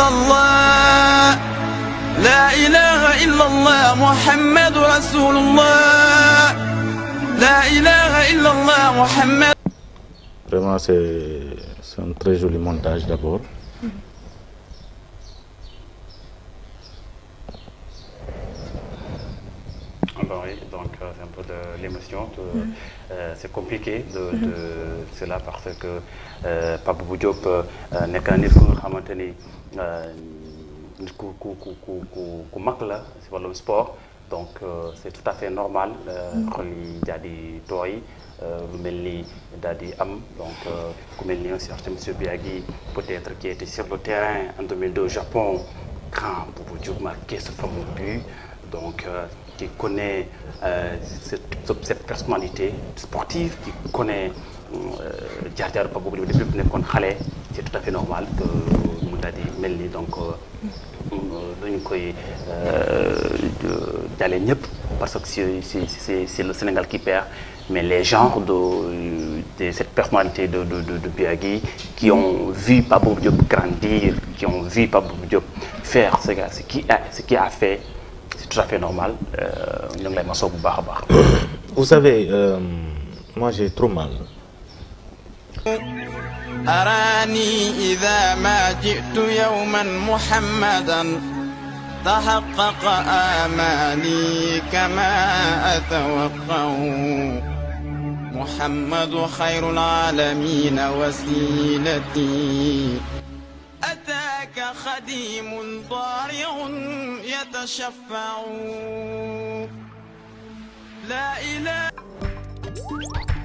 إلا الله لا إله إلا الله محمد رسول الله لا إله إلا الله محمد Vraiment, c'est un très joli montage d'abord. bah oui, donc euh, c'est un peu de l'émotion. Mm. Euh, compliqué mm. de, cela parce que euh, Pape Bouba Diop euh, nekk na nit ku xamante ni nit ku ku ku ku mag la si wàllum sport donc c'est tout à fait normal mm. xol yi daal mel ni daal di am donc ku mel ni un certain monsieur Biagui peut-être qui sur le terrain en 2002 Japon quand Bouba Diop marqué ce fameux but. donc euh, qui connaît euh, cette, cette, personnalité sportive, qui connaît Djar Djar Babou Boulim depuis que nous c'est tout à fait normal que nous avons dit donc euh, euh, dañ koy euh, jale ñëpp parce que c'est c'est c'est le Sénégal qui perd mais les gens de de cette personnalité de de Biagui qui ont vu Pape grandir qui ont vu Pape faire ce qui a fait c'est tout à fait normal ñu ngi lay masoo bu baax a baax. vous savez euh, moi j'ai trop mal. أراني إذا ما جئت يوما محمدا تحقق آماني كما أتوقع محمد خير العالمين وسيلتي أتاك خديم ضارع يتشفعوا لا إله